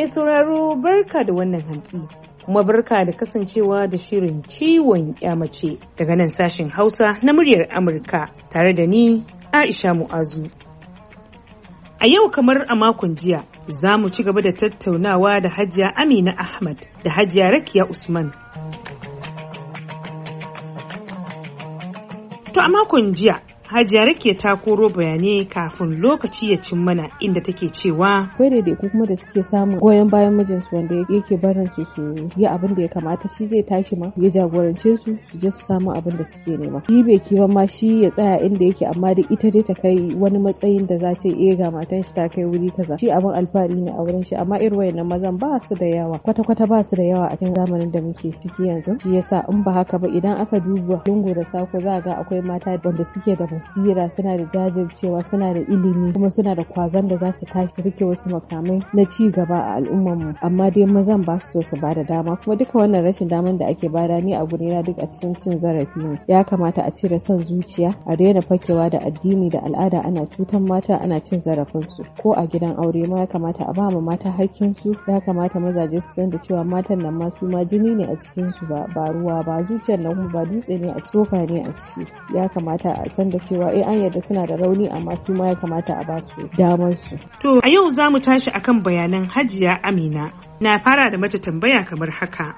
Mai sauraro barka da wannan hantsi. Kuma barka da kasancewa da shirin ciwon mace daga nan sashen Hausa na muryar Amurka tare da ni Aisha Mu'azu. A yau kamar a makon jiya za mu ci gaba da tattaunawa da Hajiya Amina Ahmad da Hajiya Rakiya Usman. To a makon jiya Hajiya Rake ta koro bayanai kafin lokaci ya cin mana inda take cewa. Akwai ko kuma da suke samun goyon bayan mijinsu wanda yake barin su su yi abin da ya kamata shi zai tashi ma ya jagorance su su je su samu abin da suke nema. Shi bai kiba ma shi ya tsaya inda yake amma dai ita dai ta kai wani matsayin da za ta yi eh, ga matan shi ta kai wuri kaza. Shi abin alfahari ne a wurin shi amma irin wayannan mazan ba su da yawa kwata-kwata ba su da yawa a cikin zamanin da muke ciki yanzu. Shi yasa in ba haka ba idan aka duba lungu da sako za ga akwai mata wanda suke da basira suna da jajircewa suna da ilimi kuma suna da kwazon da za su tashi su rike wasu makamai na ci gaba a al'ummarmu amma dai mazan ba su so su bada dama kuma duka wannan rashin daman da ake bada ni a gurina duk a cikin cin zarafi ne ya kamata a cire son zuciya a daina fakewa da addini da al'ada ana cutan mata ana cin zarafin su ko a gidan aure ma ya kamata a ba ma mata hakkinsu ya kamata mazaje su san da cewa matan nan ma su ma jini ne a cikin su ba ruwa ba zuciyar nan ba dutse ne a tsoka ne a ciki ya kamata a san da cewa eh an yarda suna da rauni amma su ma ya kamata a basu damar su. To a yau za mu tashi akan bayanan Hajiya Amina. Na fara da mata tambaya kamar haka.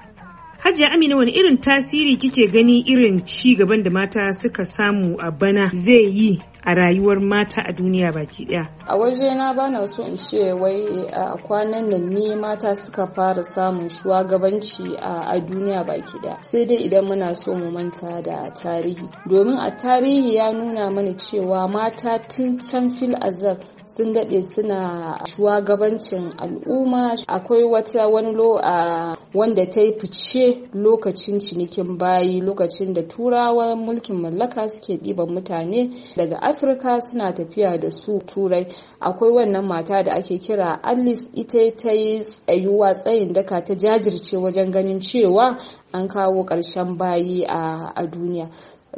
Hajiya Amina wani irin tasiri kike gani irin ci gaban da mata suka samu a bana zai yi a rayuwar mata a duniya baki daya a waje na na so in ce wai a kwanan nan ne mata suka fara samun shugabanci a duniya baki daya sai dai idan muna so mu manta da tarihi domin a tarihi ya nuna mana cewa mata tun can fil azab sun daɗe suna shugabancin al'umma akwai wata wani lo wanda ta yi fice lokacin cinikin bayi lokacin da turawan mulkin mallaka suke ɗiban mutane daga afirka suna tafiya da su turai akwai wannan mata da ake kira alice ita ta yi tsayuwa tsayin daka ta jajirce wajen ganin cewa an kawo ƙarshen bayi a duniya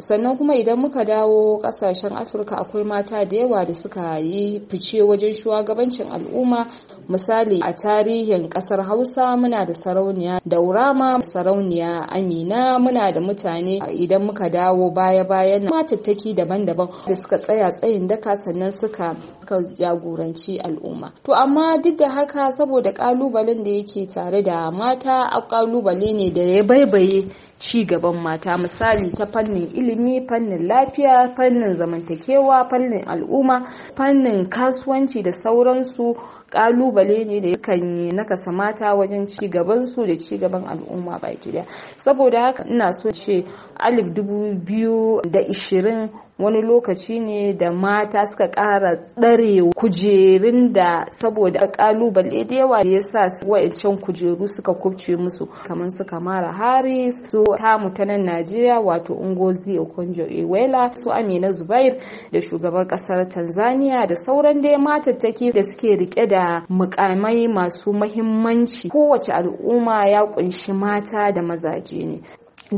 sannan kuma idan muka dawo kasashen afirka akwai mata da yawa da suka yi fice wajen shugabancin al'umma misali a tarihin kasar hausa muna da sarauniya daurama sarauniya amina muna da mutane idan muka dawo baya-bayan matattaki daban-daban da suka tsaya tsayin daka sannan suka jagoranci al'umma to amma duk da haka saboda kalubalen da yake tare da mata a kalubale ne da ya baibaye ci gaban mata misali ta fannin ilimi fannin lafiya fannin zamantakewa fannin al'umma fannin kasuwanci da sauransu kalubale ne da kan nakasa mata wajen ci gaban su da ci gaban al'umma baki daya saboda haka ina so ce alif dubu biyu da ishirin wani lokaci ne da mata suka ƙara ɗare kujerun da saboda ƙalubale da yawa da ya sa wa'ancan kujeru suka kubce musu kamar su kamara harris su ta nan najeriya wato ungozi okonjo iwela su amina zubair da shugaban ƙasar tanzania da sauran dai matattaki da suke rike da mukamai masu mahimmanci kowace al'umma ya kunshi mata da mazaje ne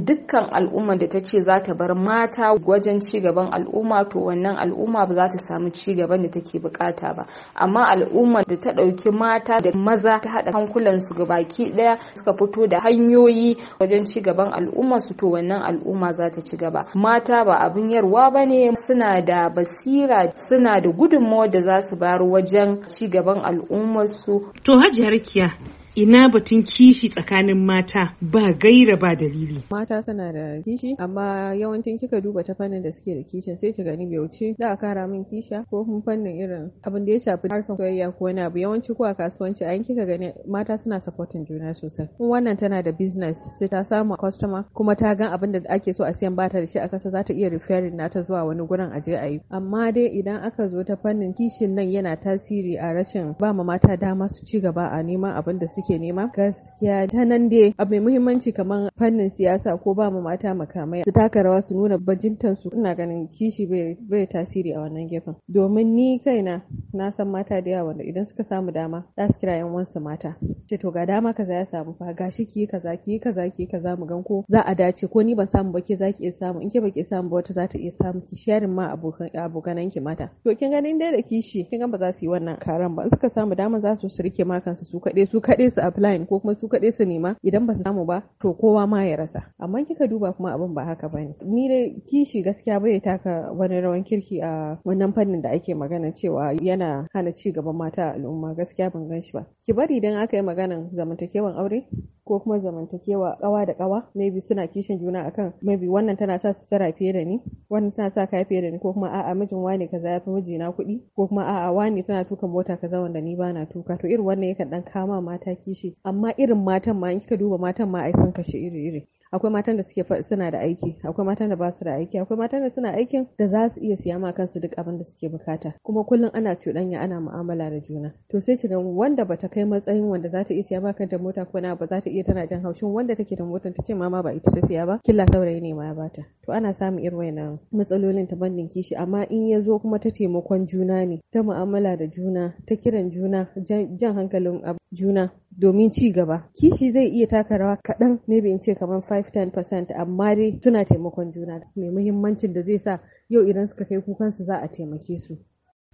dukkan al'ummar da ta ce za ta bar mata wajen cigaban al'umma to wannan al'umma ba za ta samu cigaban da take bukata ba amma al'ummar da ta ɗauki mata da maza ta haɗa hankulansu ga baki ɗaya suka fito da hanyoyi wajen cigaban al'umma su to wannan al'umma za ta ci gaba mata ba abin yarwa ba ne suna da basira suna da gudunmawar da za su bar wajen cigaban gaban al'ummarsu to hajiyar kiya ina batun kishi tsakanin mata ba gaira ba dalili. Mata suna da kishi amma yawancin kika duba ta fannin da suke da kishin sai ki gani bai wuce za a kara min kisha ko kuma fannin irin abin da ya shafi harkar soyayya ko wani abu yawanci ko a kasuwanci a kika gani mata suna supporting juna sosai. Kuma wannan tana da business sai ta samu customer kuma ta gan abin da ake so a siyan bata da shi a kasa za ta iya referring nata zuwa wani gurin aje a yi. Amma dai idan aka zo ta fannin kishin nan yana tasiri a rashin ba ma mata dama su ci gaba a neman abin da suke ne nema gaskiya ta nan dai abu mai muhimmanci kamar fannin siyasa ko ba mu mata makamai su taka rawa su nuna bajintan su ina ganin kishi bai tasiri a wannan gefen domin ni kaina na san mata da yawa idan suka samu dama za su kira yan wansu mata ce to ga dama kaza ya samu fa gashi ki kaza ki kaza ki kaza mu gan ko za a dace ko ni ban samu ba ke za ki iya samu in ke ba ki samu ba wata za ta iya samu ki sharin ma abokanan ki mata to kin ganin dai da kishi kin ga ba za su yi wannan karan ba in suka samu dama za su rike ma kansu su kaɗai su kaɗai su applying ko kuma su kaɗai su nema idan ba su samu ba to kowa ma ya rasa amma kika duba kuma abin ba haka bane ni dai kishi gaskiya bai taka wani rawan kirki a wannan fannin da ake magana cewa yana hana ci gaban mata al'umma gaskiya ban gan shi ba ki bari idan aka yi maganan zamantakewan aure ko kuma zamantakewa kawa da kawa maybe suna kishin juna akan maybe wannan tana sa su sutura fiye da ni wannan tana sa kaya fiye da ni ko kuma a'a mijin wani kaza ya fi mijina kuɗi ko kuma a'a wani tana tuka mota kaza wanda ni bana tuka to irin wannan yakan dan kama mata kishi amma irin matan ma in kika duba matan ma ai sun kashe iri iri akwai matan da suke suna da aiki akwai matan da ba da aiki akwai matan da suna aikin da za su iya siya ma kansu duk abin da suke bukata kuma kullum ana cuɗanya ana mu'amala da juna to sai ki ga wanda bata kai matsayin wanda za ta iya siya ma kanta mota ko na ba za ta iya tana jan haushin wanda take da motar ta ce mama ba ita ta siya ba killa saurayi ne ma ya bata to ana samun irin na matsalolin ta bandin kishi amma in ya zo kuma ta taimakon juna ne ta mu'amala da juna ta kiran juna jan hankalin juna domin ci gaba kishi zai iya taka rawa kaɗan maybe in ce kamar 5-10% amma dai suna taimakon juna mai muhimmancin da zai sa yau idan suka kai kukansu za a taimake su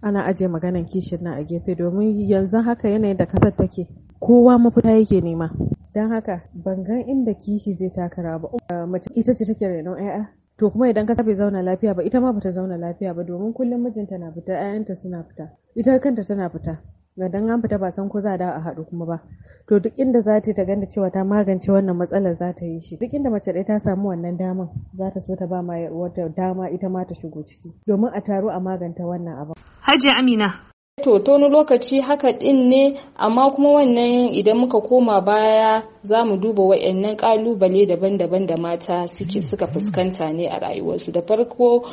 ana ajiye maganan kishin nan a gefe domin yanzu haka yanayin da kasar take kowa mafita yake nema don haka ban inda kishi zai taka rawa ba mace ita ce take renon 'ya'ya to kuma idan ka bai zauna lafiya ba ita ma bata zauna lafiya ba domin kullum mijinta na fita 'ya'yanta suna fita ita kanta tana fita ga dan an fita ba san ko za da a haɗu kuma ba to duk inda za ta ta ganda cewa ta magance wannan matsalar za ta yi shi duk inda mace ɗaya ta samu wannan daman za ta so ta ba ma wata dama ita ma ta shigo ciki domin a taro a maganta wannan abu Hajiya Amina to ta lokaci haka din ne amma kuma wannan idan muka koma baya za mu duba wa'annan kalubale daban-daban da mata suke suka fuskanta ne a rayuwarsu da farko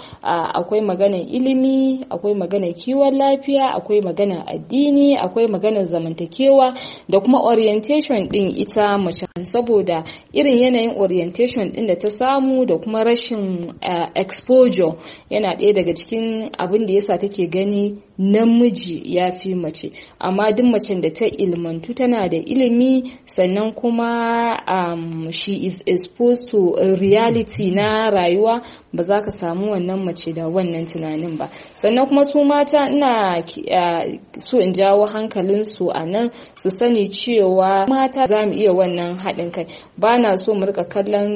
akwai maganar ilimi akwai maganar kiwon lafiya akwai maganar addini akwai maganar zamantakewa da kuma orientation din ita mace saboda irin yanayin orientation din da ta samu da kuma rashin exposure yana ɗaya daga cikin abin da yasa take gani namiji namiji ya fi mace amma duk macen da ta ilmantu tana da ilimi sannan kuma um, she is exposed to reality na rayuwa ba za ka samu wannan mace da wannan tunanin ba sannan kuma su mata ina uh, so in jawo hankalinsu a nan su sani cewa mata za mu iya wannan haɗin kai ba na so mu rika kallon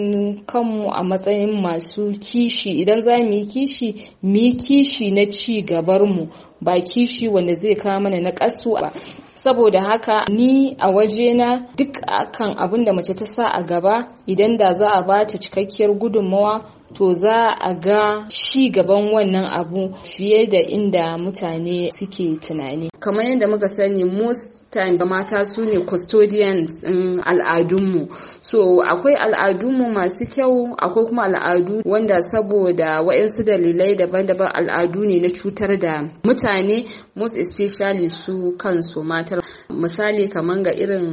kanmu a matsayin masu kishi idan za mu yi kishi mu yi kishi na ci gabar mu. ba kishi wanda zai kawo mana na kasu ba saboda haka ni a wajena duk akan abin da mace ta sa a gaba idan da za a ba ta cikakkiyar gudunmawa to za a ga shi gaban wannan abu fiye da inda mutane suke tunani kamar yadda muka sani most times mata su ne custodians in al'adunmu so akwai al'adunmu masu kyau akwai kuma al'adu wanda saboda waɗansu dalilai daban-daban al'adu ne na cutar da mutane most especially su kansu matar misali kamar ga irin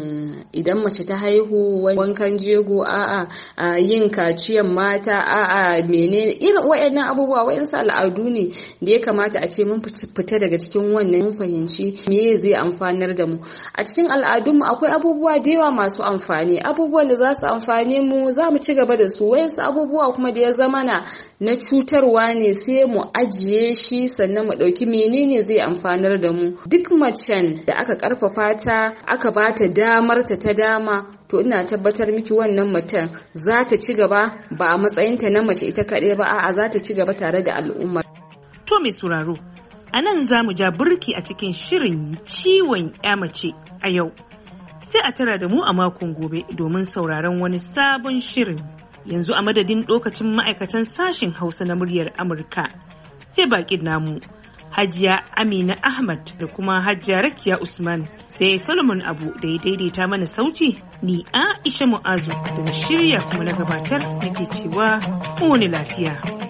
idan mace ta haihu wankan jego a'a yin kaciyan mata a'a menene irin waɗannan abubuwa waɗansu al'adu ne da ya kamata a ce mun fita daga cikin wannan fahimci shi me zai amfanar da mu a cikin al'adunmu akwai abubuwa da yawa masu amfani abubuwan da za su amfane mu za mu ci gaba da su wayansu abubuwa kuma da ya zama na na cutarwa ne sai mu ajiye shi sannan mu ɗauki menene zai amfanar da mu duk macen da aka karfafa ta aka ba ta damar ta ta dama to ina tabbatar miki wannan mutum za ta ci gaba ba a matsayinta na mace ita kaɗai ba a'a za ta ci gaba tare da al'umma To mai sauraro A nan za mu ja burki a cikin shirin ciwon ya mace a yau. Sai a tara da mu a makon gobe domin sauraron wani sabon shirin. Yanzu a madadin lokacin ma'aikatan sashen Hausa na muryar Amurka. Sai baƙin namu. Hajiya Amina Ahmad da kuma Hajiya Rakiya Usman sai Solomon Abu da ya daidaita mana sauti ni Aisha Mu'azu da shirya kuma na gabatar nake cewa wani lafiya.